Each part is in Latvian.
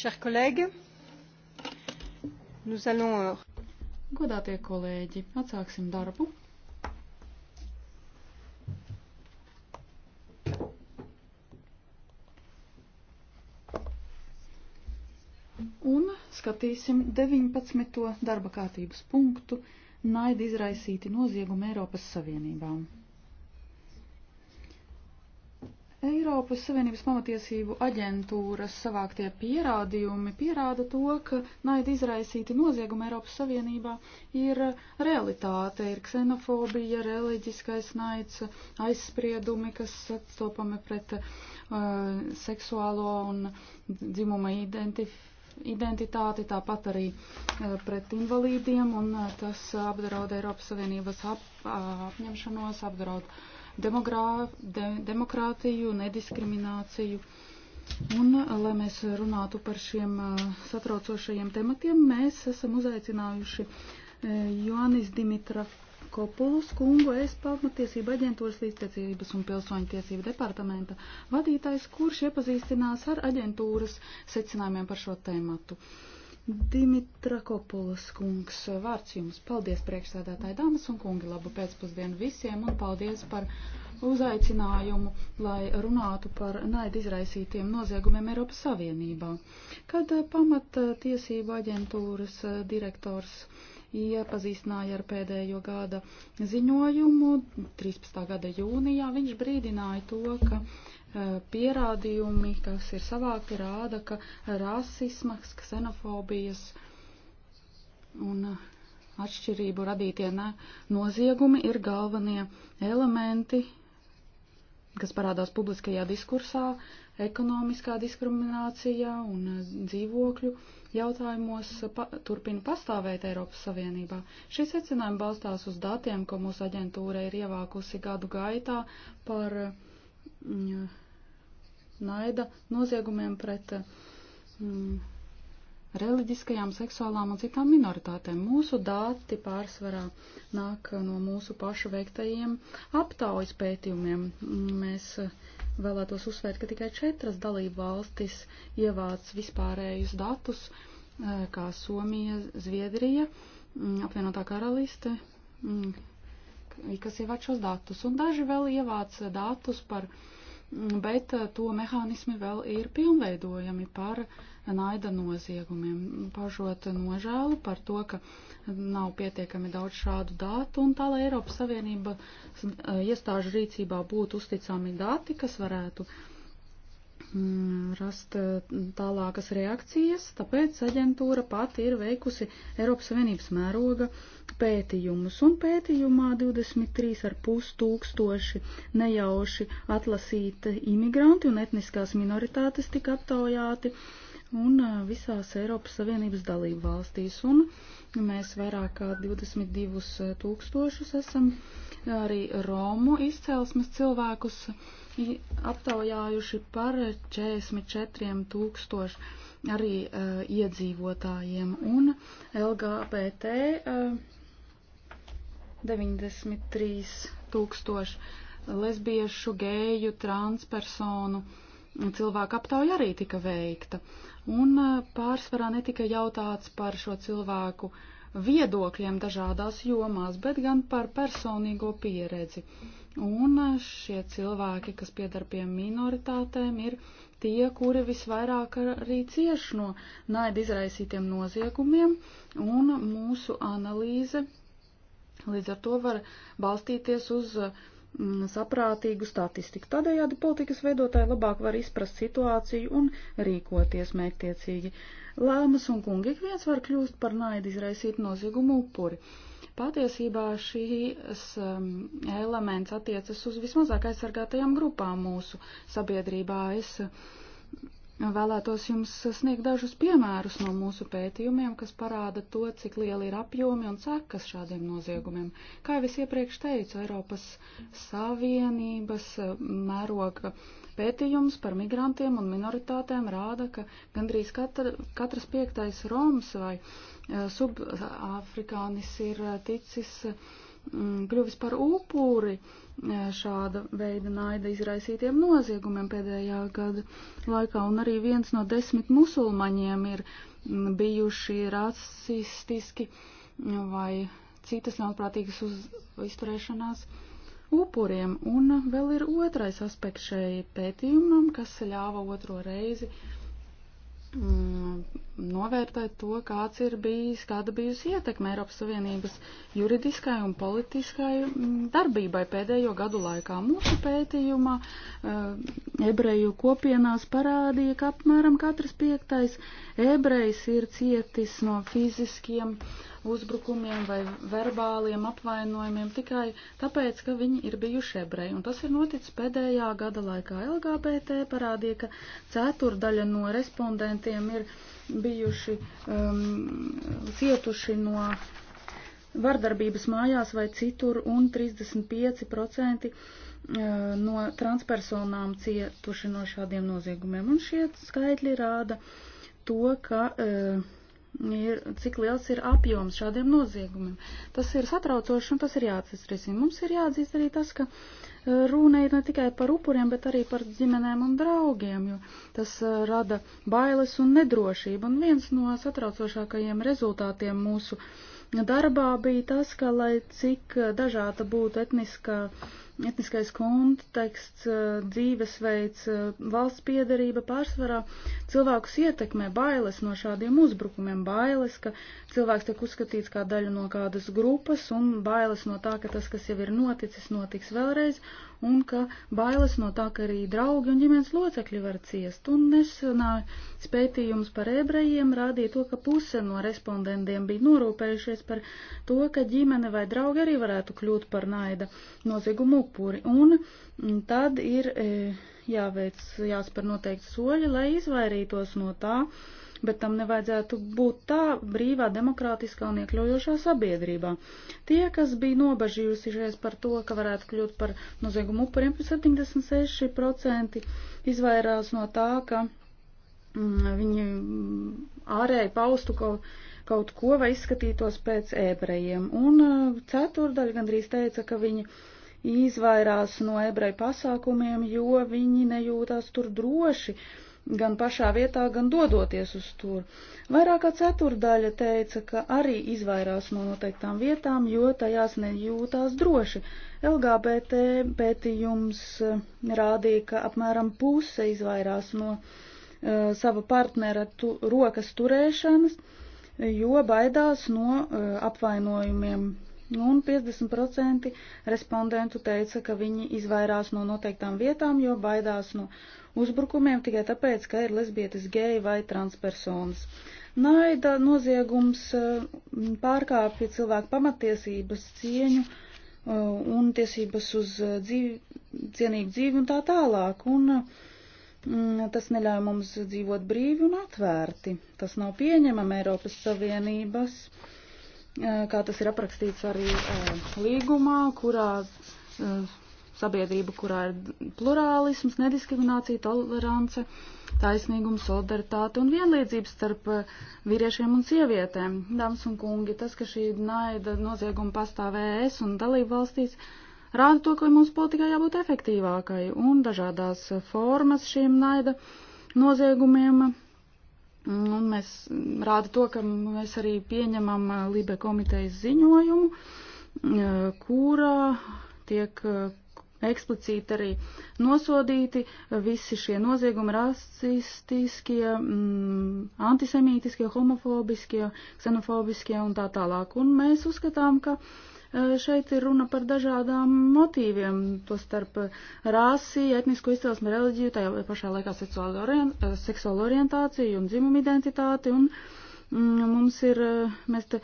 Chers collègues, nous allons. Euh, Godātie kolēģi, atsāksim darbu. Un skatīsim 19. darba kārtības punktu - naida izraisīti noziegumi Eiropas Savienībām. Eiropas Savienības pamatiesību aģentūras savāktie pierādījumi pierāda to, ka naida izraisīti noziegumi Eiropas Savienībā ir realitāte, ir ksenofobija, reliģiskais naids, aizspriedumi, kas atstopami pret uh, seksuālo un dzimuma identifikāciju identitāti, tāpat arī uh, pret invalīdiem, un uh, tas apdraud Eiropas Savienības ap, uh, apņemšanos, apdraud uh, demokrā, de, demokrātiju, nediskrimināciju. Un, eh, lai mēs runātu par šiem eh, satraucošajiem tematiem, mēs esam uzaicinājuši eh, Joannis Dimitra Kopulus kungu, es pamatiesība aģentūras līdztiecības un pilsoņu tiesību departamenta vadītājs, kurš iepazīstinās ar aģentūras secinājumiem par šo tēmatu. Uh, Dimitrakopulas kungs, vārds jums. Paldies priekšsēdētāji dāmas un kungi, labu pēcpusdienu visiem un paldies par uzaicinājumu, lai runātu par naidu izraisītiem noziegumiem Eiropas Savienībā. Kad eh, pamata tiesību aģentūras eh, direktors iepazīstināja ar pēdējo gada ziņojumu 13. gada jūnijā. Viņš brīdināja to, ka e, pierādījumi, kas ir savākti, rāda, ka rasismas, ksenofobijas un atšķirību radītie noziegumi ir galvenie elementi kas parādās publiskajā diskursā, ekonomiskā diskriminācijā un eh, dzīvokļu jautājumos pa, turpina pastāvēt Eiropas Savienībā. Šī secinājuma balstās uz datiem, ko mūsu aģentūra ir ievākusi gadu gaitā par mm, naida noziegumiem pret mm, reliģiskajām, seksuālām un citām minoritātēm. Mūsu dati pārsvarā nāk no mūsu pašu veiktajiem aptaujas pētījumiem. Mēs eh, vēlētos uzsvērt, ka tikai četras dalību valstis ievāc vispārējus datus, eh, kā Somija, Zviedrija, mm, apvienotā karaliste, mm, kas ievāc šos datus, un daži vēl ievāc datus par uh, bet eh, to mehānismi vēl ir pilnveidojami par naida noziegumiem, pažot nožēlu par to, ka nav pietiekami daudz šādu datu, un tā, lai Eiropas Savienība eh, iestāžu rīcībā būtu uzticami dati, kas varētu uh, Mm, rast eh, tālākas reakcijas, tāpēc aģentūra pati ir veikusi Eiropas Savienības mēroga pētījumus, un pētījumā 23,5 tūkstoši nejauši atlasīti imigranti un etniskās minoritātes tika aptaujāti un eh, visās Eiropas Savienības dalību valstīs. Un mēs vairāk kā 22 eh, tūkstošus esam arī Romu izcelsmes cilvēkus aptaujājuši par 44 tūkstoši arī uh, iedzīvotājiem un LGBT uh, 93 tūkstoši lesbiešu, gēju, transpersonu uh, cilvēku aptauja arī tika veikta. Un eh, pārsvarā netika jautāts par šo cilvēku viedokļiem dažādās jomās, bet gan par personīgo pieredzi. Un eh, šie cilvēki, kas piedar pie minoritātēm, ir tie, kuri visvairāk arī cieš no naida izraisītiem noziegumiem, un mūsu analīze līdz ar to var balstīties uz uh, Mm, saprātīgu statistiku. Tādējādi politikas veidotāji labāk var izprast situāciju un rīkoties mērķtiecīgi. Lēmas un kungi ik viens var kļūst par naidu izraisīt noziegumu upuri. Patiesībā šīs um, elements attiecas uz vismazāk aizsargātajām grupām mūsu sabiedrībā. Es, uh, Vēlētos jums sniegt dažus piemērus no mūsu pētījumiem, kas parāda to, cik liela ir apjomi un sekas šādiem noziegumiem. Kā jau es iepriekš teicu, Eiropas Savienības e, mēroga pētījums par migrantiem un minoritātēm rāda, ka gandrīz katra, katras piektais Roms vai e, subāfrikānis ir e, ticis uh, Mm, kļuvis par upuri e, šāda veida naida izraisītiem noziegumiem pēdējā gada laikā, un arī viens no desmit musulmaņiem ir mm, bijuši rasistiski vai citas ļaunprātīgas izturēšanās upuriem. Un vēl ir otrais aspekts šai pētījumam, kas ļāva otro reizi uh, Mm, novērtēt to, kāds ir bijis, kāda bijusi ietekme Eiropas Savienības juridiskai un politiskai mm, darbībai pēdējo gadu laikā. Mūsu pētījumā eh, ebreju kopienās parādīja, ka apmēram katrs piektais ebrejs ir cietis no fiziskiem uh, uzbrukumiem vai verbāliem apvainojumiem tikai tāpēc, ka viņi ir bijuši ebreji. Un tas ir noticis pēdējā gada laikā. LGBT parādīja, ka ceturdaļa no respondentiem ir bijuši um, cietuši no vardarbības mājās vai citur, un 35% uh, no transpersonām cietuši no šādiem noziegumiem. Un šie skaitļi rāda to, ka uh, ir, cik liels ir apjoms šādiem noziegumiem. Tas ir satraucoši un tas ir jāatcerēsim. Mums ir jāatzīst arī tas, ka e, runa ir ne tikai par upuriem, bet arī par ģimenēm un draugiem, jo tas e, rada bailes un nedrošību. Un viens no satraucošākajiem rezultātiem mūsu darbā bija tas, ka lai cik e, dažāda būtu etniskā etniskais konteksts, uh, dzīvesveids, uh, valsts piedarība pārsvarā cilvēkus ietekmē bailes no šādiem uzbrukumiem, bailes, ka cilvēks tiek uzskatīts kā daļa no kādas grupas un bailes no tā, ka tas, kas jau ir noticis, notiks vēlreiz un ka bailes no tā, ka arī draugi un ģimenes locekļi var ciest. Un nesenā uh, spētījums par ebrejiem rādīja to, ka puse no respondentiem bija norūpējušies par to, ka ģimene vai draugi arī varētu kļūt par naida noziegumu upuri, un mm, tad ir e, jāveic, jāspēr noteikti soļi, lai izvairītos no tā, bet tam nevajadzētu būt tā brīvā, demokrātiskā un iekļaujošā sabiedrībā. Tie, kas bija nobažījusies par to, ka varētu kļūt par noziegumu upuriem, 76% izvairās no tā, ka mm, viņi ārēji paustu kaut, kaut ko vai izskatītos pēc ebrejiem. Un e, ceturdaļa gandrīz teica, ka viņi izvairās no ebreju pasākumiem, jo viņi nejūtās tur droši, gan pašā vietā, gan dodoties uz tur. Vairāk kā ceturdaļa teica, ka arī izvairās no noteiktām vietām, jo tajās nejūtās droši. LGBT pētījums eh, rādīja, ka apmēram puse izvairās no uh, sava partnera tu, rokas turēšanas, jo baidās no uh, apvainojumiem un 50% respondentu teica, ka viņi izvairās no noteiktām vietām, jo baidās no uzbrukumiem tikai tāpēc, ka ir lesbietis, geji vai transpersonas. Naida noziegums eh, pārkāpja cilvēku pamatiesības cieņu eh, un tiesības uz eh, dzīvi, cienīgu dzīvi un tā tālāk. Un, mm, Tas neļauj mums dzīvot brīvi un atvērti. Tas nav pieņemama Eiropas Savienības uh, Eh, kā tas ir aprakstīts arī eh, līgumā, kurā eh, sabiedrība, kurā ir plurālisms, nediskriminācija, tolerance, taisnīgums, solidaritāte un vienlīdzības starp vīriešiem un sievietēm. Dāmas un kungi, tas, ka šī naida nozieguma pastāv ES un dalību valstīs, rāda to, ka mūsu politikai jābūt efektīvākai un dažādās formas šīm naida noziegumiem Nu, mēs rāda to, ka mēs arī pieņemam eh, Libe komitejas ziņojumu, eh, kura tiek eh, eksplicīti arī nosodīti visi šie noziegumi, rasistiskie, mm, antisemītiskie, homofobiskie, ksenofobiskie un tā tālāk. Un mēs uzskatām, ka e, šeit ir runa par dažādām motīviem, to starp rasi, etnisko izcelsmi, reliģiju, tajā pašā laikā seksuālo, orient, e, seksuālo orientāciju un dzimumu identitāti. Un, mm, mums ir, e, mēs te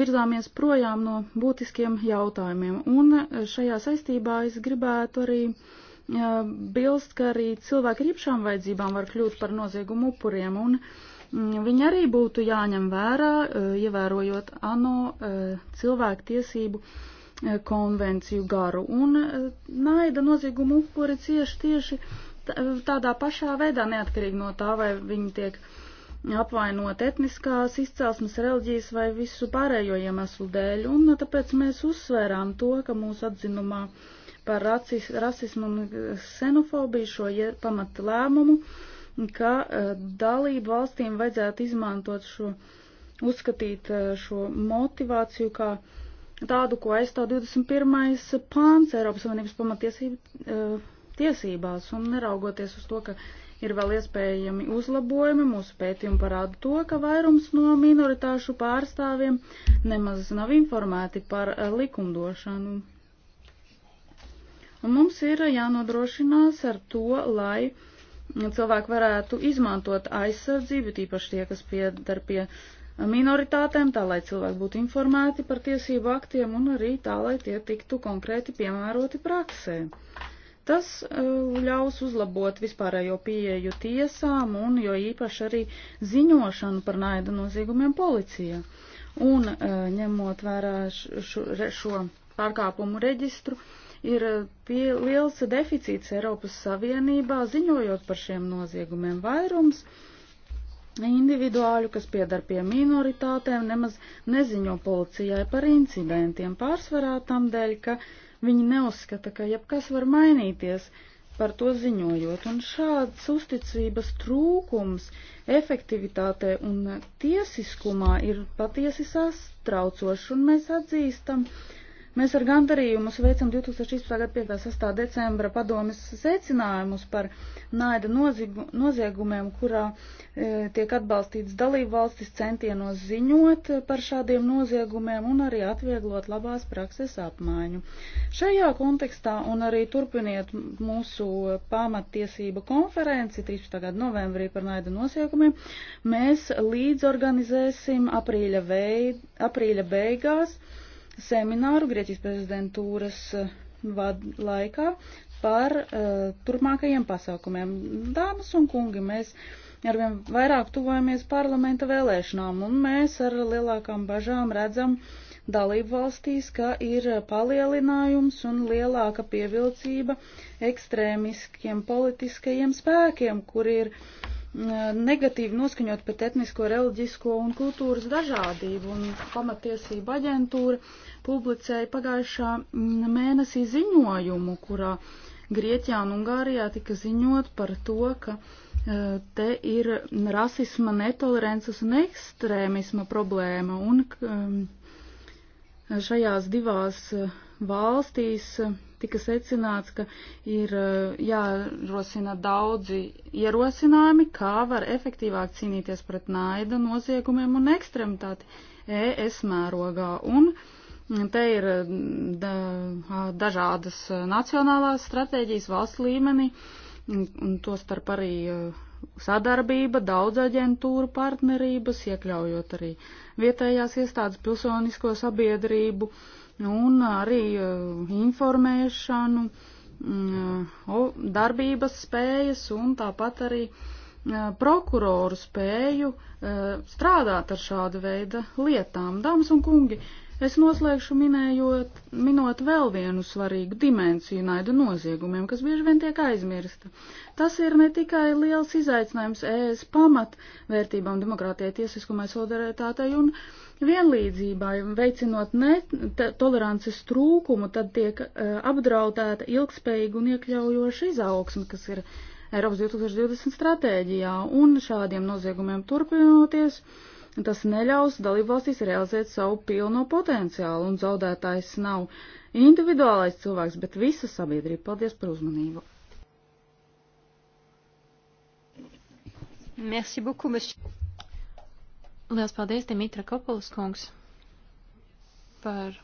virzāmies projām no būtiskiem jautājumiem. Un eh, šajā saistībā es gribētu arī eh, bilst, ka arī cilvēki ar īpašām vajadzībām var kļūt par noziegumu upuriem, un mm, viņi arī būtu jāņem vērā, eh, ievērojot ANO cilvēku tiesību konvenciju garu. Un naida noziegumu upuri cieši tieši tādā pašā veidā, neatkarīgi no tā, vai viņi tiek uh, apvainot etniskās izcelsmes, reliģijas vai visu pārējo iemeslu dēļ, un tāpēc mēs uzsvērām to, ka mūsu atzinumā par racis, rasismu un ksenofobiju šo pamata lēmumu, ka e, dalību valstīm vajadzētu izmantot šo, uzskatīt e, šo motivāciju kā tādu, ko aizstāv 21. pāns Eiropas Savienības pamatiesību e, tiesībās, un neraugoties uz to, ka ir vēl iespējami uzlabojumi. Mūsu pētījumi parāda to, ka vairums no minoritāšu pārstāvjiem nemaz nav informēti par eh, likumdošanu. Un mums ir jānodrošinās ar to, lai cilvēki varētu izmantot aizsardzību, tīpaši tie, kas piedar pie minoritātēm, tā lai cilvēki būtu informēti par tiesību aktiem un arī tā, lai tie tiktu konkrēti piemēroti praksē. Uh, Tas e, ļaus uzlabot vispārējo pieeju tiesām un jo īpaši arī ziņošanu par naida noziegumiem policijā. Un e, ņemot vērā šo, šo pārkāpumu reģistru, ir e, pie, liels deficīts Eiropas Savienībā ziņojot par šiem noziegumiem vairums. Individuāļu, kas piedar pie minoritātēm, nemaz neziņo policijai par incidentiem pārsvarā tam dēļ, ka uh, Viņi neuzskata, ka jebkas var mainīties par to ziņojot, un šāds uzticības trūkums efektivitātē un tiesiskumā ir patiesi sastraucošs, un mēs atzīstam Mēs ar gandarījumu sveicam 2016. gada 5. 6. decembra padomis secinājumus par naida noziegu, noziegumiem, kurā e, tiek atbalstīts dalību valstis centienos ziņot par šādiem noziegumiem un arī atvieglot labās prakses apmaiņu. Šajā kontekstā un arī turpiniet mūsu pamattiesība konferenci 13. gada novembrī par naida noziegumiem, mēs līdzorganizēsim aprīļa, veid, aprīļa beigās semināru Grieķijas prezidentūras eh, vad laikā par uh, turpmākajiem pasākumiem. Dāmas un kungi, mēs arvien vairāk tuvojamies parlamenta vēlēšanām, un mēs ar lielākām bažām redzam dalību valstīs, ka ir palielinājums un lielāka pievilcība ekstrēmiskiem politiskajiem spēkiem, kur ir uh, negatīvi noskaņot pret etnisko, reliģisko un kultūras dažādību, un pamatiesība aģentūra publicēja pagājušā mēnesī ziņojumu, kurā Grieķijā un Ungārijā tika ziņot par to, ka e, te ir rasisma, netolerances un ekstrēmisma problēma, un šajās divās e, valstīs tika secināts, ka ir eh, jārosina daudzi ierosinājumi, kā var efektīvāk cīnīties pret naida noziegumiem un ekstremitāti ES mērogā. Un mm, te ir mm, dažādas nacionālās stratēģijas valsts līmenī, un to starp arī eh, sadarbība, daudz aģentūru partnerības, iekļaujot arī vietējās iestādes pilsonisko sabiedrību un arī eh, informēšanu, mm, darbības spējas un tāpat arī eh, prokuroru spēju eh, strādāt ar šādu veidu lietām. Dāmas un kungi, Es noslēgšu minējot, minot vēl vienu svarīgu dimensiju naidu noziegumiem, kas bieži vien tiek aizmirsta. Tas ir ne tikai liels izaicinājums ES pamatvērtībām, demokrātijai, tiesiskumai, solidaritātei un vienlīdzībai, veicinot netolerances trūkumu, tad tiek uh, apdraudēta ilgspējīga un iekļaujoša izaugsme, kas ir Eiropas 2020 stratēģijā, un šādiem noziegumiem turpinoties. Uh, Tas neļaus dalībvalstīs realizēt savu pilno potenciālu, un zaudētājs nav individuālais cilvēks, bet visa sabiedrība. Paldies par uzmanību! Merci beaucoup, monsieur. Lielas paldies, Dimitra Kopulis kungs, par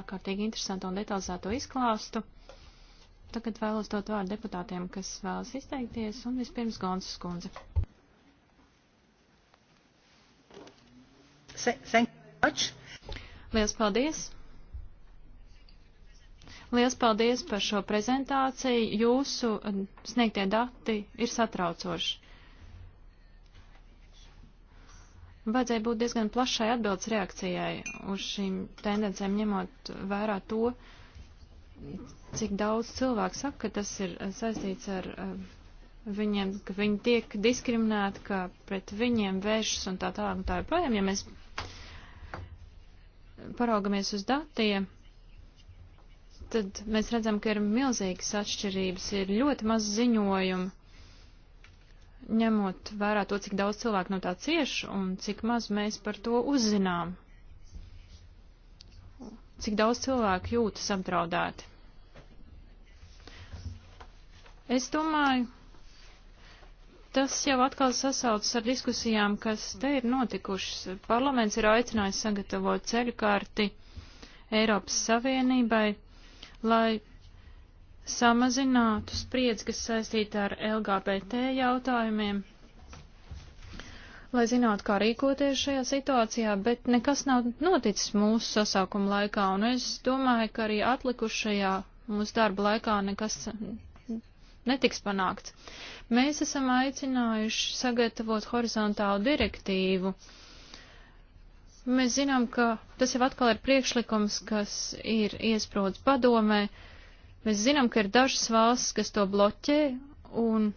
ārkārtīgi interesantu un detalizēto izklāstu. Tagad vēlos dot vārdu deputātiem, kas vēlas izteikties, un vispirms Gonsas kundze. Thank you much. Liels paldies! Liels paldies par šo prezentāciju. Jūsu eh, sniegtie dati ir satraucoši. Vajadzēja būt diezgan plašai atbildes reakcijai uz šīm tendencēm, ņemot vērā to, cik daudz cilvēku saka, ka tas ir eh, saistīts ar uh, viņiem, ka viņi tiek diskriminēti, ka pret viņiem vēršas un tā tālāk un tā joprojām. Ja mēs paraugamies uz datiem, tad mēs redzam, ka ir milzīgas atšķirības, ir ļoti maz ziņojumu, ņemot vērā to, cik daudz cilvēku no tā cieš un cik maz mēs par to uzzinām. Cik daudz cilvēku jūtas apdraudēti. Es domāju, Tas jau atkal sasaucas ar diskusijām, kas te ir notikušas. Parlaments ir aicinājis sagatavot ceļkārti Eiropas Savienībai, lai samazinātu spriedzi, kas saistīta ar LGBT jautājumiem, lai zinātu, kā rīkoties šajā situācijā, bet nekas nav noticis mūsu sasaukuma laikā, un es domāju, ka arī atlikušajā mūsu darba laikā nekas netiks panākts. Mēs esam aicinājuši sagatavot horizontālu direktīvu. Mēs zinām, ka tas jau atkal ir priekšlikums, kas ir iesprūdis padomē. Mēs zinām, ka ir dažas valsts, kas to bloķē, un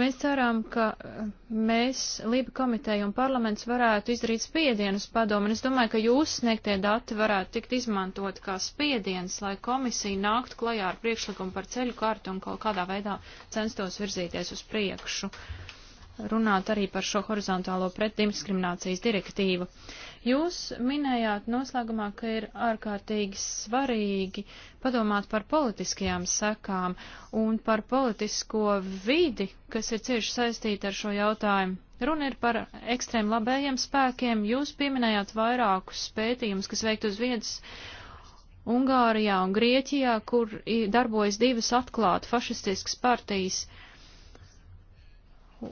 Mēs ceram, ka eh, mēs, Lība komiteja un parlaments, varētu izdarīt spiedienu uz padomu, un es domāju, ka jūs sniegtie dati varētu tikt izmantot kā spiediens, lai komisija nāktu klajā ar priekšlikumu par ceļu kartu un kaut kādā veidā censtos virzīties uz priekšu. Uh, runāt arī par šo horizontālo pretdiskriminācijas direktīvu. Jūs minējāt noslēgumā, ka ir ārkārtīgi svarīgi padomāt par politiskajām sekām un par politisko vidi, kas ir cieši saistīta ar šo jautājumu. Runa ir par ekstrēm labējiem spēkiem. Jūs pieminējāt vairākus pētījumus, kas veikt uz vietas Ungārijā un Grieķijā, kur darbojas divas atklāta fašistiskas partijas. Uh,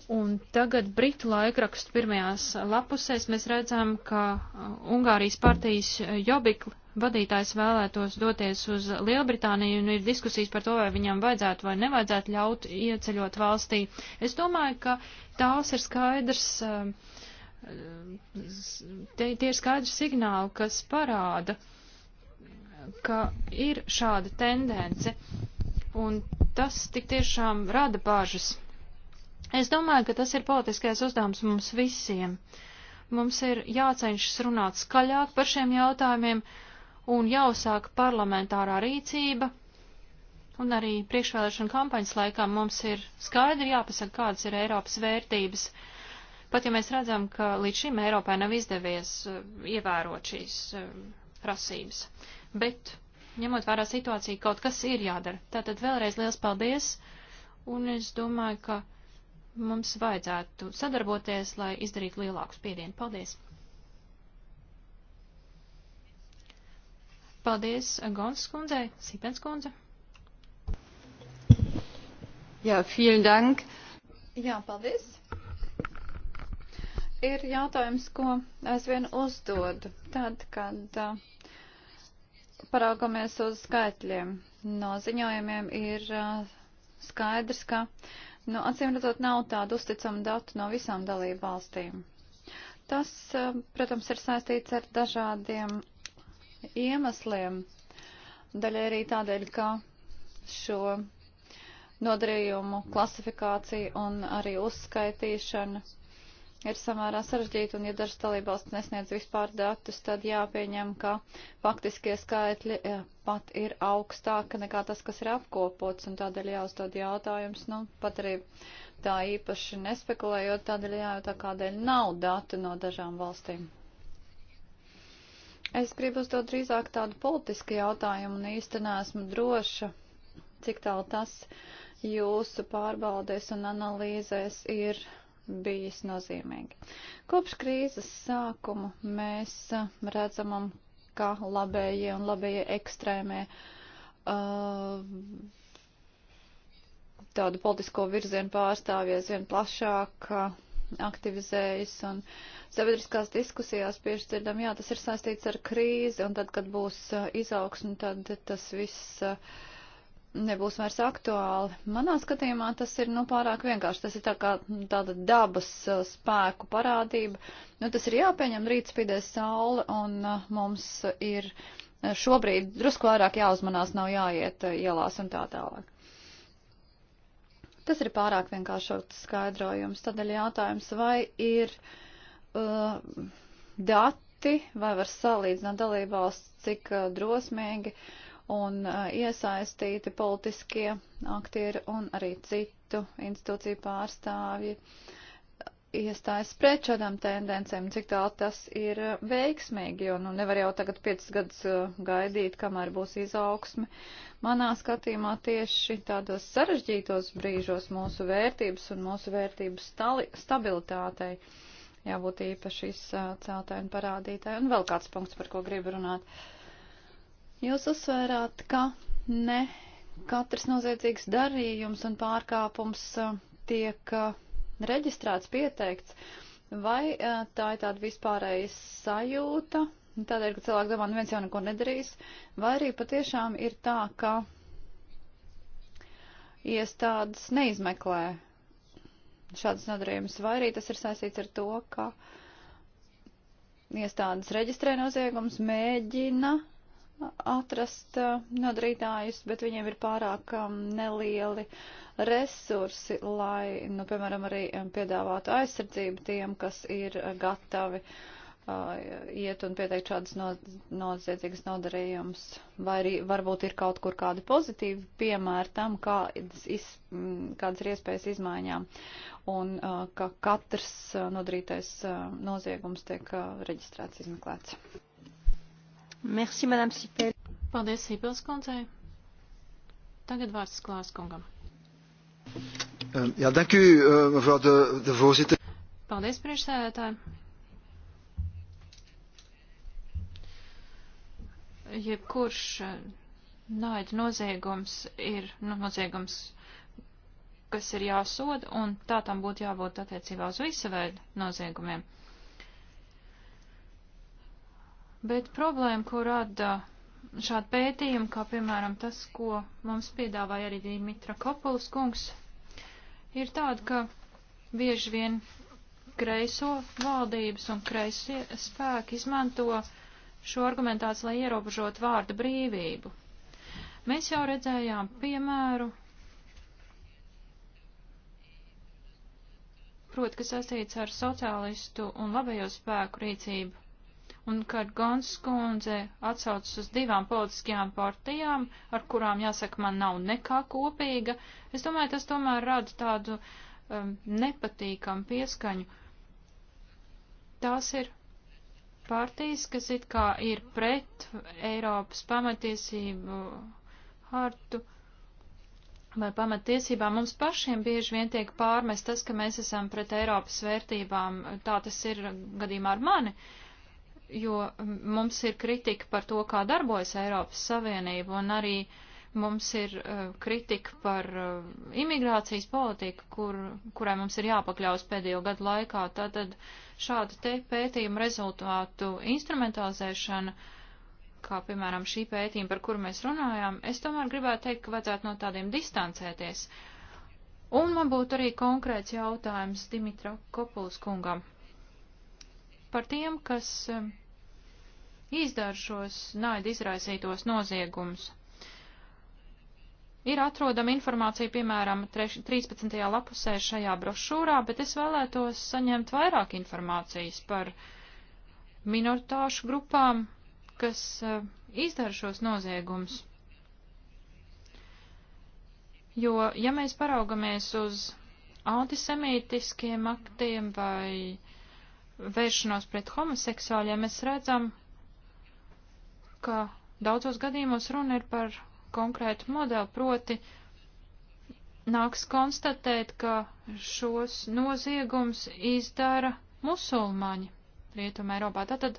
Un tagad Britu laikrakstu pirmajās lapusēs mēs redzam, ka uh, Ungārijas partijas Jobik vadītājs vēlētos doties uz Lielbritāniju un ir diskusijas par to, vai viņam vajadzētu vai nevajadzētu ļaut ieceļot valstī. Es domāju, ka tās ir skaidrs, uh, tie, tie ir skaidrs signāli, kas parāda, ka ir šāda tendence. Un tas tik tiešām rada bāžas. Es domāju, ka tas ir politiskais uzdevums mums visiem. Mums ir jācenšas runāt skaļāk par šiem jautājumiem un jāuzsāk parlamentārā rīcība. Un arī priekšvēlēšana kampaņas laikā mums ir skaidri jāpasaka, kādas ir Eiropas vērtības. Pat ja mēs redzam, ka līdz šim Eiropai nav izdevies uh, ievērot šīs uh, prasības. Bet, ņemot vērā situāciju, kaut kas ir jādara. Tātad vēlreiz liels paldies, un es domāju, ka mums vajadzētu sadarboties, lai izdarītu lielāku spiedienu. Paldies! Paldies Gons kundzei, Sipens kundze. Jā, vielen dank. Jā, paldies. Ir jautājums, ko aizvien uzdodu tad, kad uh, paraugamies uz skaitļiem. No ziņojumiem ir uh, skaidrs, ka uh, Nu, acīm redzot, nav tādu uzticamu datu no visām dalību valstīm. Tas, e, protams, ir saistīts ar dažādiem iemesliem. Daļai arī tādēļ, ka šo nodarījumu klasifikācija un arī uzskaitīšana ir samērā sarežģīta, un ja dažas dalībvalsts nesniedz vispār datus, tad jāpieņem, ka faktiskie skaitļi ja, eh, pat ir augstāka nekā tas, kas ir apkopots, un tādēļ jāuzdod jautājums, nu, pat arī tā īpaši nespekulējot, tādēļ jājautā, kādēļ nav datu no dažām valstīm. Es gribu uzdot drīzāk tādu politisku jautājumu, un īsti neesmu droša, cik tālu tas jūsu pārbaudēs un analīzēs ir bijis nozīmīgi. Kopš krīzes sākuma mēs redzamam, ka labējie un labējie ekstrēmē uh, tādu politisko virzienu pārstāvjies vien plašāk uh, aktivizējas un sabiedriskās diskusijās bieži dzirdam, jā, tas ir saistīts ar krīzi un tad, kad būs uh, izaugsme, tad tas viss. Uh, nebūs vairs aktuāli. Manā skatījumā tas ir nu, pārāk vienkārši. Tas ir tā kā tāda dabas uh, spēku parādība. Nu, tas ir jāpieņem, rīt spīdē saule un uh, mums ir uh, šobrīd drusku vairāk jāuzmanās, nav jāiet ielās un tā tālāk. Tas ir pārāk vienkāršots skaidrojums. Tādēļ jautājums, vai ir uh, dati, vai var salīdzināt dalībvalsts, cik uh, drosmīgi uh, un iesaistīti politiskie aktieri un arī citu institūciju pārstāvji iestājas pret šādām tendencēm, cik tālu tas ir veiksmīgi, jo nu, nevar jau tagad 5 gadus gaidīt, kamēr būs izaugsme. Manā skatījumā tieši tādos sarežģītos brīžos mūsu vērtības un mūsu vērtības stali, stabilitātei jābūt īpaši izceltāji un parādītāji. Un vēl kāds punkts, par ko gribu runāt. Uh, Jūs uzsvērāt, ka ne katrs noziedzīgs darījums un pārkāpums uh, tiek uh, reģistrēts, pieteikts, vai uh, tā ir tāda vienkāršēja sajūta, tādēļ, ka cilvēki domā, neviens nu, jau neko nedarīs, vai arī patiešām ir tā, ka iestādes neizmeklē šādas nodarījumus, vai arī tas ir saistīts ar to, ka iestādes reģistrē noziegums, mēģina atrast uh, nodarītājus, bet viņiem ir pārāk um, nelieli resursi, lai, nu, piemēram, arī um, piedāvātu aizsardzību tiem, kas ir uh, gatavi uh, iet un pieteikt šādas noziedzīgas nodarījumus, vai arī varbūt ir kaut kur kādi pozitīvi piemēri tam, kādas, iz, kādas ir iespējas izmaiņām, un ka katrs nodarītais noziegums tiek reģistrēts, izmeklēts. Merci, Madame Sipel. Paldies, Sipels kundzei. Tagad vārds Klārs kungam. Um, jā, dank u, uh, mevrouw de, de voorzitter. Paldies, priekšsēdētāji. Jebkurš uh, naida noziegums ir nu, noziegums, kas ir jāsoda, un tā tam būtu jābūt attiecībā uz visu veidu noziegumiem. Bet problēma, ko rada šādi pētījumi, kā piemēram tas, ko mums piedāvāja arī Dimitra Kopulis kungs, ir tāda, ka bieži vien kreiso valdības un kreisie spēki izmanto šo argumentāciju, lai ierobežotu vārda brīvību. Mēs jau redzējām piemēru, proti, kas saistīts ar sociālistu un labējo spēku rīcību un kad Gons kundze atsaucas uz divām politiskajām partijām, ar kurām jāsaka man nav nekā kopīga, es domāju, tas tomēr rada tādu um, nepatīkamu pieskaņu. Tās ir partijas, kas it kā ir pret Eiropas pamatiesību hartu vai pamatiesībām. Mums pašiem bieži vien tiek pārmest tas, ka mēs esam pret Eiropas vērtībām. Tā tas ir gadījumā ar mani. Uh, jo mm, mums ir kritika par to, kā darbojas Eiropas Savienība, un arī mums ir uh, kritika par uh, imigrācijas politiku, kur, kurai mums ir jāpakļaus pēdējo gadu laikā. Tātad šāda te pētījuma rezultātu instrumentalizēšana, kā piemēram šī pētījuma, par kuru mēs runājām, es tomēr gribētu teikt, ka vajadzētu no tādiem distancēties. Un man būtu arī konkrēts jautājums Dimitra Kopuls kungam par tiem, kas. Uh, izdara šos naida izraisītos noziegumus. Ir atrodama informācija, piemēram, treš, 13. lapusē šajā brošūrā, bet es vēlētos saņemt vairāk informācijas par minoritāšu grupām, kas uh, izdara šos noziegumus. Jo, ja mēs paraugamies uz antisemītiskiem aktiem vai vēršanos pret homoseksuāļiem, mēs redzam, ka daudzos gadījumos runa ir par konkrētu modeli, proti nāks konstatēt, ka šos noziegums izdara musulmaņi Rietumē Eiropā. Tātad,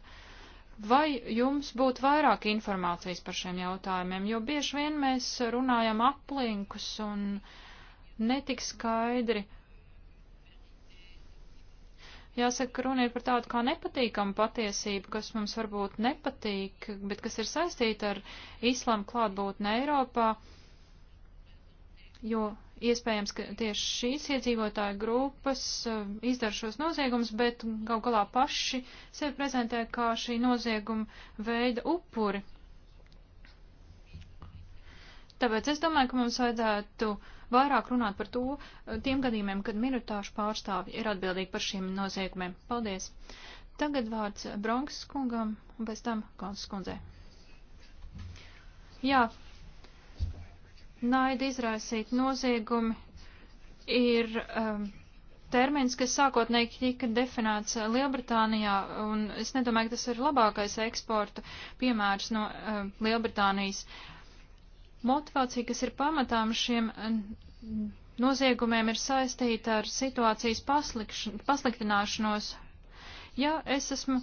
vai jums būtu vairāk informācijas par šiem jautājumiem, jo bieži vien mēs runājam aplinkus un netik skaidri Jāsaka, runa ir par tādu kā nepatīkamu patiesību, kas mums varbūt nepatīk, bet kas ir saistīta ar islāma klātbūtni Eiropā, jo iespējams, ka tieši šīs iedzīvotāju grupas eh, izdara šos noziegumus, bet gal galā paši sevi prezentē kā šī nozieguma veida upuri. Tāpēc es domāju, ka mums vajadzētu uh, vairāk runāt par to eh, tiem gadījumiem, kad minutāšu pārstāvi ir atbildīgi par šiem noziegumiem. Paldies! Tagad vārds Bronks kungam un pēc tam Kons kundzei. Jā, naida izraisīt noziegumi ir um, termins, kas sākotnēji tika definēts Lielbritānijā, un es nedomāju, ka tas ir labākais eksporta piemērs no um, Lielbritānijas. Uh, Motivācija, kas ir pamatām šiem noziegumiem, ir saistīta ar situācijas pasliktināšanos. Ja es esmu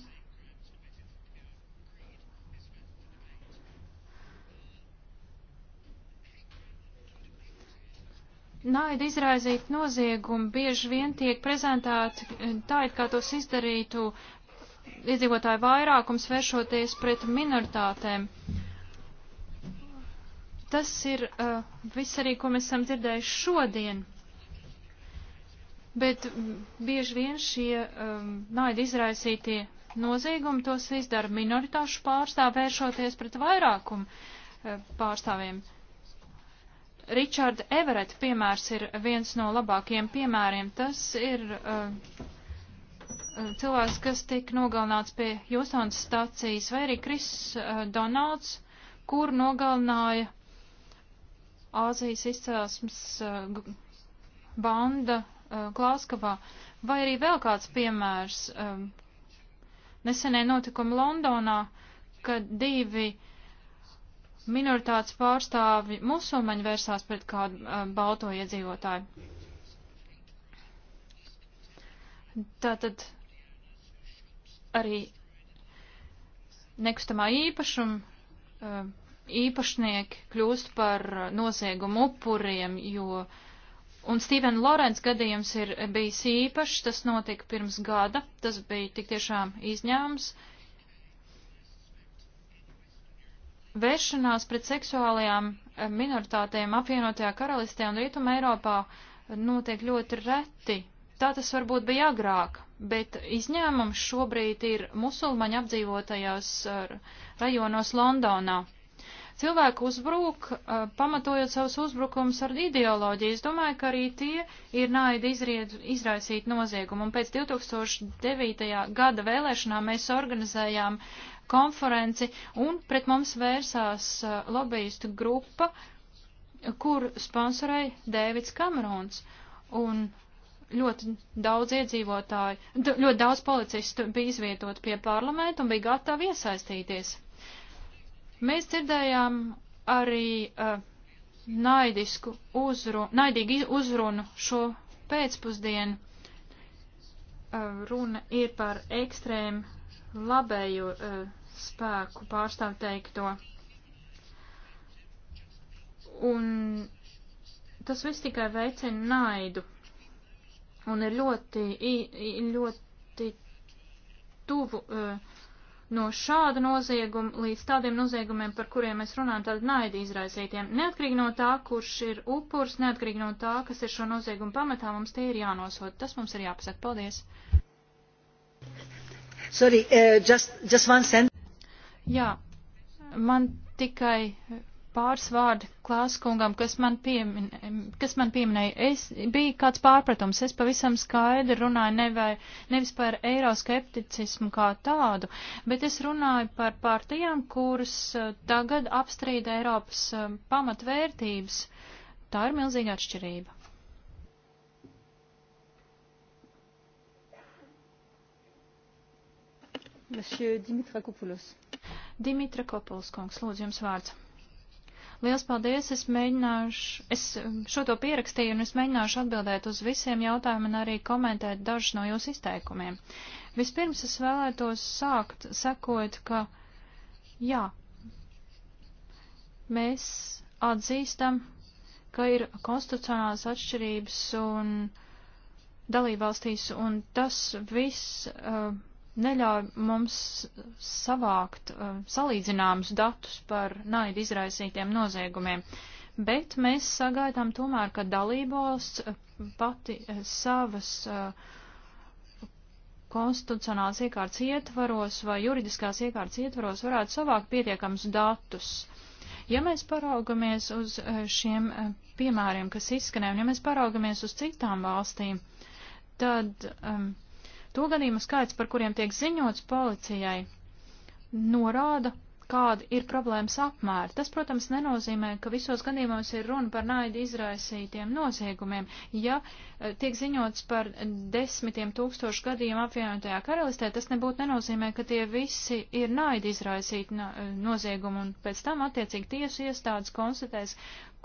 Naida izraizīt noziegumi bieži vien tiek prezentēti tā, it kā tos izdarītu iedzīvotāju vairākums vēršoties pret minoritātēm. Uh, Tas ir uh, viss arī, ko mēs esam dzirdējuši šodien. Bet mm, bieži vien šie um, naida izraisītie noziegumi tos izdara minoritāšu pārstāv vēršoties pret vairākumu uh, pārstāvjiem. Richarda Everett piemērs ir viens no labākajiem piemēriem. Tas ir uh, uh cilvēks, kas tika nogalināts pie Jūsons stācijas, vai arī Kris uh, Donalds, kur nogalināja Āzijas izcelsmes eh, banda eh, Glāskavā, vai arī vēl kāds piemērs eh, nesenē notikumi Londonā, kad divi minoritātes pārstāvi musulmaņi vērsās pret kādu balto iedzīvotāju. Tātad arī nekustamā īpašuma īpašnieki kļūst par noziegumu upuriem, jo, un Steven Lorenz gadījums ir bijis īpašs, tas notika pirms gada, tas bija tik tiešām izņēmums. Vēršanās pret seksuālajām eh, minoritātēm apvienotajā karalistē un Rietumē Eiropā eh, notiek ļoti reti. Tā tas varbūt bija agrāk, bet izņēmums šobrīd ir musulmaņu apdzīvotajās eh, rajonos Londonā. Cilvēki uzbrūk, uh, pamatojot savus uzbrukumus ar ideoloģiju. Es domāju, ka arī tie ir naida izraisīt noziegumu. Un pēc 2009. gada vēlēšanām mēs organizējām konferenci, un pret mums vērsās uh, lobbyistu grupa, kur sponsorēja Dēvids Kamerons. Un ļoti daudz iedzīvotāju, ļoti daudz policistu bija izvietot pie parlamentu un bija gatavi iesaistīties. Mēs dzirdējām arī uh, naidisku uzrunu, naidīgu uzrunu šo pēcpusdienu. Uh, runa ir par ekstrēmu labējo uh, spēku pārstāv teikto. Un tas viss tikai veicina naidu. Un ir ļoti, ļoti tuvu uh, no šāda nozieguma līdz tādiem noziegumiem, par kuriem mēs runājam, tātad naidi izraisītiem. Neatkarīgi no tā, kurš ir upurs, neatkarīgi no tā, kas ir šo noziegumu pamatā, mums tie ir jānosod. Tas mums ir jāpasaka. Paldies! Sorry, uh, just, just one sentence. Jā, man tikai pāris vārdi klāskungam, kas man, piemin, kas man pieminēja. Es biju kāds pārpratums, es pavisam skaidri runāju nevai, nevis par eiroskepticismu kā tādu, bet es runāju par partijām, kuras eh, tagad apstrīda Eiropas eh, pamatvērtības. Tā ir milzīga atšķirība. Monsieur Dimitra Kopulos. Dimitra Kopulos, kungs, lūdzu jums vārds. Liels paldies! Es mēģināšu, es um, šo to pierakstīju un es mēģināšu atbildēt uz visiem jautājumiem un arī komentēt dažus no jūsu izteikumiem. Vispirms es vēlētos sākt sakot, ka jā, mēs atzīstam, ka ir konstitucionālās atšķirības un dalībvalstīs, un tas viss uh, neļauj mums savākt uh, salīdzināmus datus par naidu izraisītiem noziegumiem, bet mēs sagaidām tomēr, ka dalībvalsts uh, pati uh, savas uh, konstitucionālās iekārtas ietvaros vai juridiskās iekārtas ietvaros varētu savākt pietiekams datus. Ja mēs paraugamies uz uh, šiem piemēriem, kas izskanēja, un ja mēs paraugamies uz citām valstīm, tad um, To gadījumu skaits, par kuriem tiek ziņots policijai, norāda, kāda ir problēmas apmēra. Tas, protams, nenozīmē, ka visos gadījumos ir runa par naidu izraisītiem noziegumiem. Ja e, tiek ziņots par desmitiem tūkstošu gadījumu apvienotajā karalistē, tas nebūtu nenozīmē, ka tie visi ir naidu izraisīti no, e, noziegumi, un pēc tam attiecīgi tiesu iestādes konstatēs,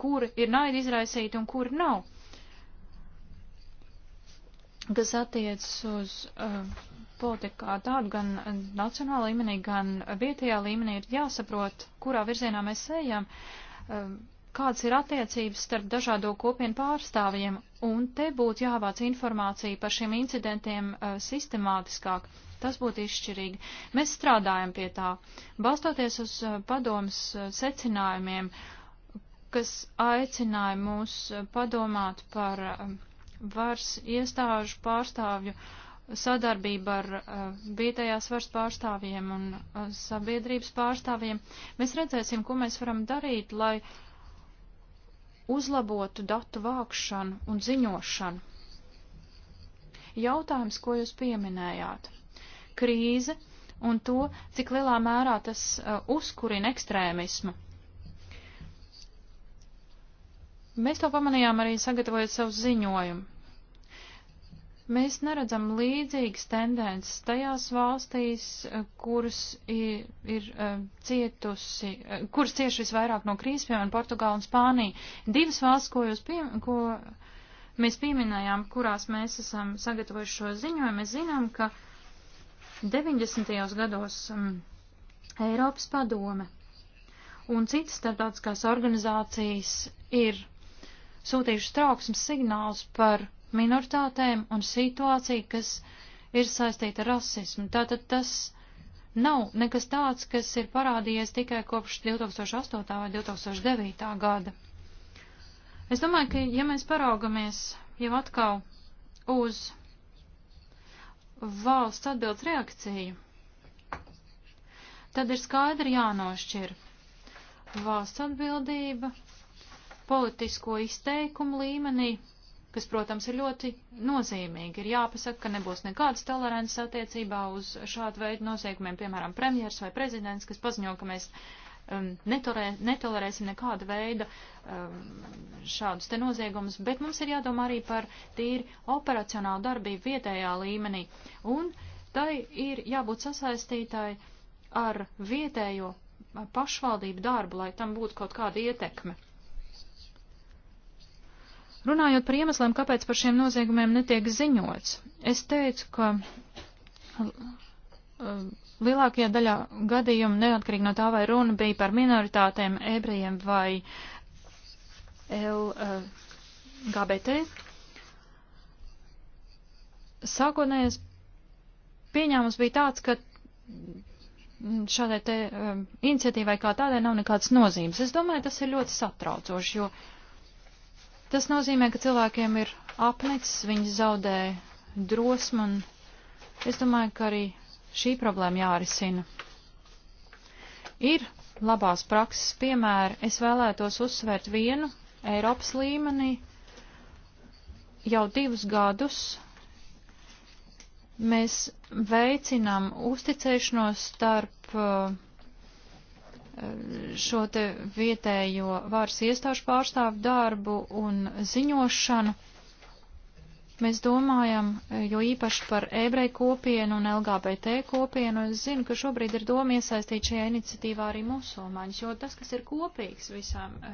kur ir naidu izraisīti un kur nav kas attiecas uz uh, politiku kā tādu gan nacionāla līmenī, gan vietējā līmenī, ir jāsaprot, kurā virzienā mēs ejam. Uh, kādas ir attiecības starp dažādo kopienu pārstāvjiem, un te būtu jāvāc informācija par šiem incidentiem uh, sistemātiskāk. Tas būtu izšķirīgi. Mēs strādājam pie tā, balstoties uz uh, padomas uh, secinājumiem, kas aicināja mūs padomāt par varas iestāžu pārstāvju sadarbība ar uh, vietējās varas pārstāvjiem un uh, sabiedrības pārstāvjiem. Mēs redzēsim, ko mēs varam darīt, lai uzlabotu datu vākšanu un ziņošanu. Jautājums, ko jūs pieminējāt? Krīze un to, cik lielā mērā tas uh, uzkurina ekstrēmismu. Mēs to pamanījām arī sagatavojot savu ziņojumu. Mēs neredzam līdzīgas tendences tajās valstīs, eh, kuras ir, ir eh, cietusi, eh, kuras cieši visvairāk no krīzes, piemēram, Portugāla un Spānija. Divas valsts, ko jūs pie, ko mēs pieminējām, kurās mēs esam sagatavojuši šo ziņojumu, mēs zinām, ka 90. gados um, Eiropas padome un citas starptautiskās organizācijas ir sūtījuši trauksmes signāls par minoritātēm un situāciju, kas ir saistīta ar rasismu. Tātad tas nav nekas tāds, kas ir parādījies tikai kopš 2008. vai 2009. gada. Es domāju, ka ja mēs paraugamies jau atkal uz valsts atbildes reakciju, tad ir skaidri jānošķir valsts atbildība politisko izteikumu līmenī, kas, protams, ir ļoti nozīmīgi. Ir jāpasaka, ka nebūs nekādas tolerances attiecībā uz šādu veidu noziegumiem, piemēram, premjers vai prezidents, kas paziņo, ka mēs um, netorē, netolerēsim nekāda veida um, šādus te noziegumus, bet mums ir jādomā arī par tīri operacionālu darbību vietējā līmenī. Un tai ir jābūt sasaistītāji ar vietējo pašvaldību darbu, lai tam būtu kaut kāda ietekme. Runājot par iemesliem, kāpēc par šiem noziegumiem netiek ziņots, es teicu, ka uh, lielākajā daļā gadījumu, neatkarīgi no tā, vai runa bija par minoritātēm, ebrejiem vai LGBT, sākotnējais pieņēmums bija tāds, ka šādai te um, iniciatīvai kā tādai nav nekādas nozīmes. Es domāju, tas ir ļoti satraucoši, jo uh, Tas nozīmē, ka cilvēkiem ir apnicis, viņi zaudē drosmu, un es domāju, ka arī šī problēma jārisina. Ir labās prakses piemēri, es vēlētos uzsvērt vienu Eiropas līmenī. Jau divus gadus mēs veicinām uzticēšanos starp uh, šo te vietējo varas iestāžu pārstāvu darbu un ziņošanu. Mēs domājam, e, jo īpaši par ebreju kopienu un LGBT kopienu, es zinu, ka šobrīd ir doma iesaistīt šajā iniciatīvā arī musulmaņus, jo tas, kas ir kopīgs visām e,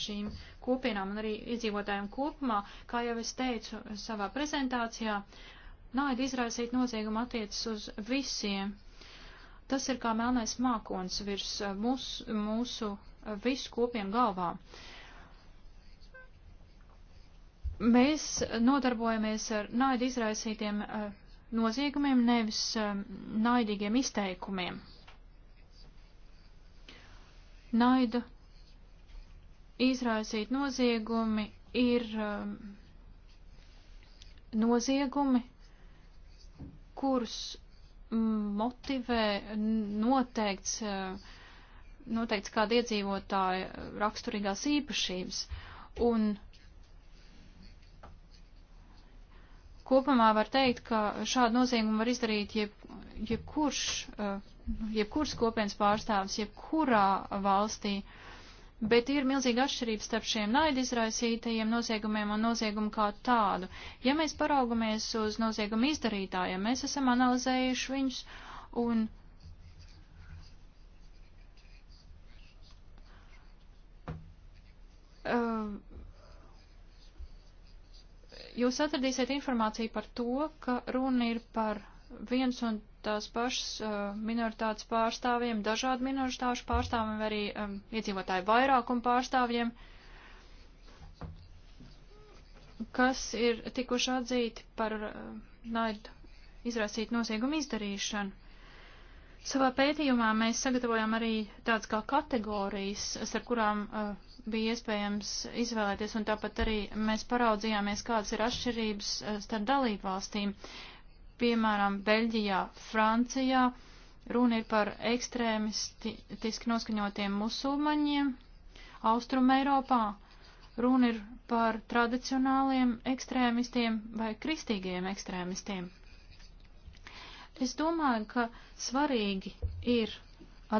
šīm kopienām un arī iedzīvotājiem kopumā, kā jau es teicu savā prezentācijā, naida izraisīt noziegumu attiecas uz visiem Tas ir kā melnais mākons virs eh, mūs, mūsu eh, visu kopiem galvām. Mēs nodarbojamies ar naidu izraisītiem eh, noziegumiem, nevis naidīgiem izteikumiem. Naidu izraisīt noziegumi ir noziegumi, kurus motivē noteikts, eh, noteikts kāda iedzīvotāja raksturīgās īpašības. Un kopumā var teikt, ka šādu noziegumu var izdarīt jeb, jebkurš, eh, nu, jebkurš kopienas pārstāvs, jebkurā valstī. Uh, bet ir milzīga atšķirība starp šiem naida izraisītajiem noziegumiem un noziegumu kā tādu. Ja mēs paraugamies uz noziegumu izdarītājiem, mēs esam analizējuši viņus un. Uh, jūs atradīsiet informāciju par to, ka runa ir par viens un tās pašas eh, minoritātes pārstāvjiem, dažādu minoritāšu pārstāvjiem, arī um, iedzīvotāju vairākumu pārstāvjiem, kas ir tikuši atzīti par uh, naidu izraisītu noziegumu izdarīšanu. Savā pētījumā mēs sagatavojām arī tādas kā kategorijas, ar kurām uh, bija iespējams izvēlēties, un tāpat arī mēs paraudzījāmies, kādas ir atšķirības uh, starp dalībvalstīm. Uh, piemēram, Beļģijā, Francijā. Runa ir par ekstrēmistiski noskaņotiem musulmaņiem. Austrum Eiropā runa ir par tradicionāliem ekstrēmistiem vai kristīgiem ekstrēmistiem. Es domāju, ka svarīgi ir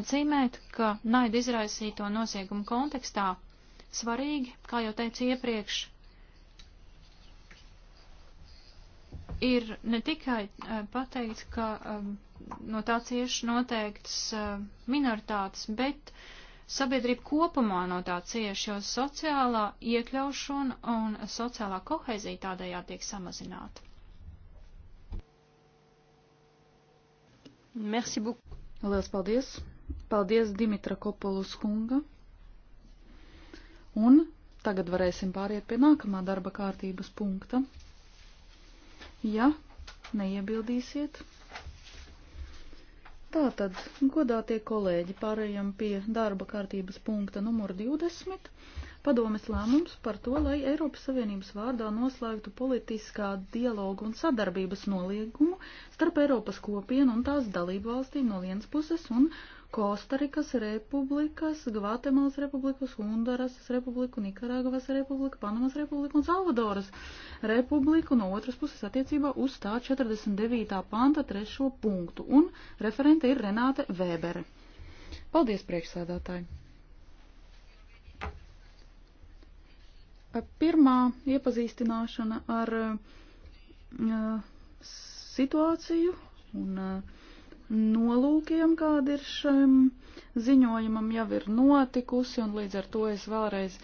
atzīmēt, ka naida izraisīto noziegumu kontekstā svarīgi, kā jau teicu iepriekš, ir ne tikai eh, pateikts, ka eh, no tā cieši noteiktas eh, minoritātes, bet sabiedrība kopumā no tā cieši, jo sociālā iekļaušana un sociālā kohezija tādējā tiek samazināta. Merci beaucoup. Lielas paldies. Paldies Dimitra Kopolus kunga. Un tagad varēsim pāriet pie nākamā darba kārtības punkta ja neiebildīsiet. Tātad, godātie kolēģi, pārējām pie darba kārtības punkta numur 20. Padomes lēmums par to, lai Eiropas Savienības vārdā noslēgtu politiskā dialogu un sadarbības noliegumu starp Eiropas kopienu un tās dalību valstīm no vienas puses un Kostarikas republikas, Gvatemalas republikas, Honduras republiku, Nikaragvas republiku, Panamas republiku un Salvadoras republiku no otras puses attiecībā uz tā 49. panta trešo punktu. Un referente ir Renāte Vēbere. Paldies, priekšsēdētāji! Pirmā iepazīstināšana ar uh, situāciju un uh, nolūkiem, kāda ir šim ziņojumam, jau ir notikusi, un līdz ar to es vēlreiz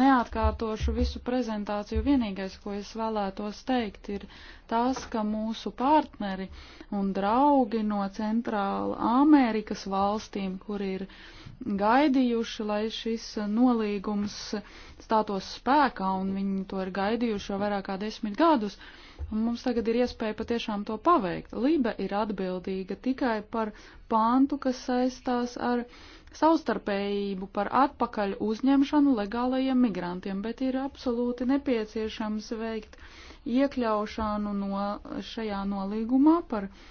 neatkārtošu visu prezentāciju. Vienīgais, ko es vēlētos teikt, ir tas, ka mūsu partneri un draugi no Centrāla Amerikas valstīm, kur ir gaidījuši, lai šis nolīgums stātos spēkā, un viņi to ir gaidījuši jau vairāk kā desmit gadus, uh, un mums tagad ir iespēja patiešām to paveikt. Liba ir atbildīga tikai par pāntu, kas saistās ar savstarpējību, par atpakaļ uzņemšanu legālajiem migrantiem, bet ir absolūti nepieciešams veikt iekļaušanu no šajā nolīgumā par uh,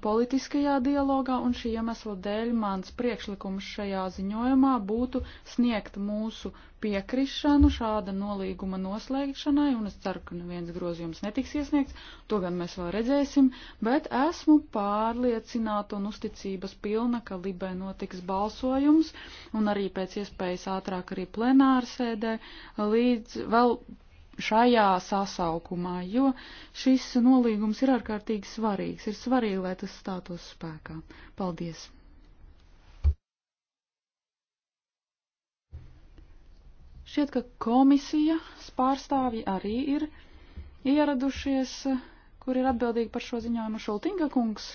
politiskajā dialogā, un šī iemesla dēļ mans priekšlikums šajā ziņojumā būtu sniegt mūsu piekrišanu šāda nolīguma noslēgšanai, un es ceru, ka neviens grozījums netiks iesniegts, to gan mēs vēl redzēsim, bet esmu pārliecināta un uzticības pilna, ka Libē notiks balsojums, un arī pēc iespējas ātrāk arī plenārsēdē, līdz vēl šajā sasaukumā, jo šis nolīgums ir ārkārtīgi svarīgs. Ir svarīgi, lai tas stātos spēkā. Paldies! Šķiet, ka komisijas pārstāvji arī ir ieradušies, kur ir atbildīgi par šo ziņojumu Šultinga kungs.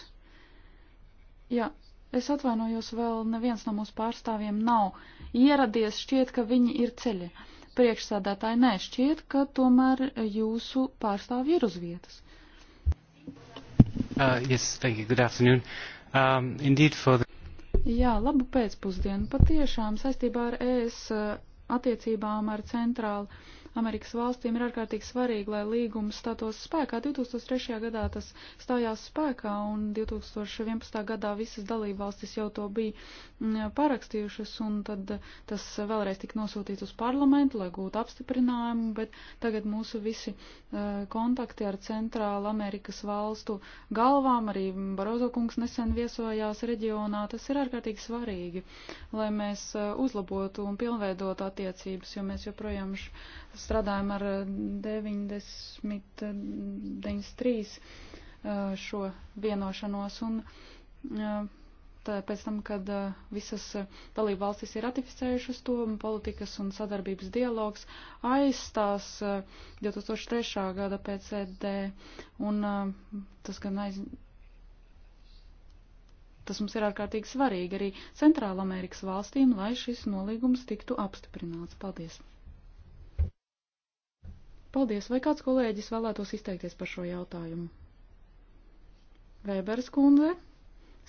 Jā, es atvainojos, vēl neviens no mūsu pārstāvjiem nav ieradies, šķiet, ka viņi ir ceļā priekšsēdētāji, nē, šķiet, ka tomēr jūsu pārstāvji ir uz vietas. Uh, yes, thank you. Good afternoon. Um, indeed for the... Jā, labu pēcpusdienu. Patiešām saistībā ar ES uh, attiecībām ar Centrālu Amerikas valstīm ir ārkārtīgi svarīgi, lai līgums stātos spēkā. 2003. gadā tas stājās spēkā un 2011. gadā visas dalībvalstis jau to bija mm, parakstījušas un tad tas vēlreiz tika nosūtīts uz parlamentu, lai gūtu apstiprinājumu, bet tagad mūsu visi eh, kontakti ar Centrāla Amerikas valstu galvām, arī Barozo kungs nesen viesojās reģionā, tas ir ārkārtīgi svarīgi, lai mēs eh, uzlabotu un pilnveidotu attiecības, jo mēs joprojām strādājam ar 90, eh, 93 eh, eh, šo vienošanos un tā, pēc tam, kad visas dalību valstis ir ratificējušas to, politikas un sadarbības dialogs aizstās 2003. gada PCD un tas gan aiz tas mums ir ārkārtīgi svarīgi arī Centrālamerikas valstīm, lai šis nolīgums tiktu apstiprināts. Paldies! Paldies, vai kāds kolēģis vēlētos izteikties par šo jautājumu? Vēberas kundze,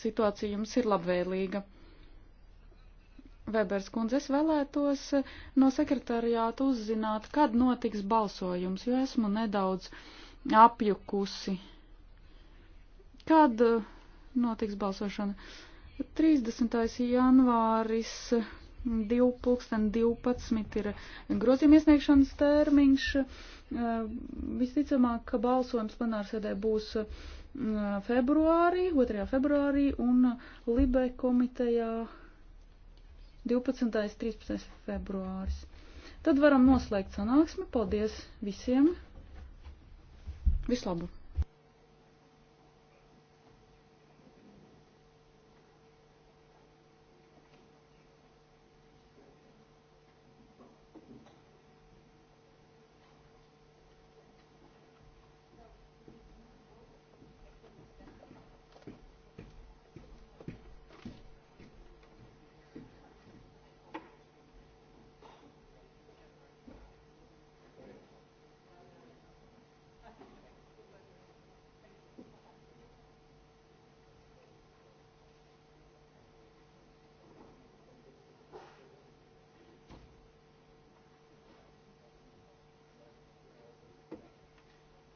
situācija jums ir labvēlīga. Vēbers kundze, es vēlētos no sekretariāta uzzināt, kad notiks balsojums, jo esmu nedaudz apjukusi. Kad uh, notiks balsošana? 30. janvāris Pūksteni 12 ir grozījuma iesniegšanas termiņš. Eh, visticamāk, ka balsojums plenārsēdē būs eh, februārī, 2. februārī un Libe komitejā 12. 13. februāris. Tad varam noslēgt sanāksmi. Paldies visiem! Vislabu!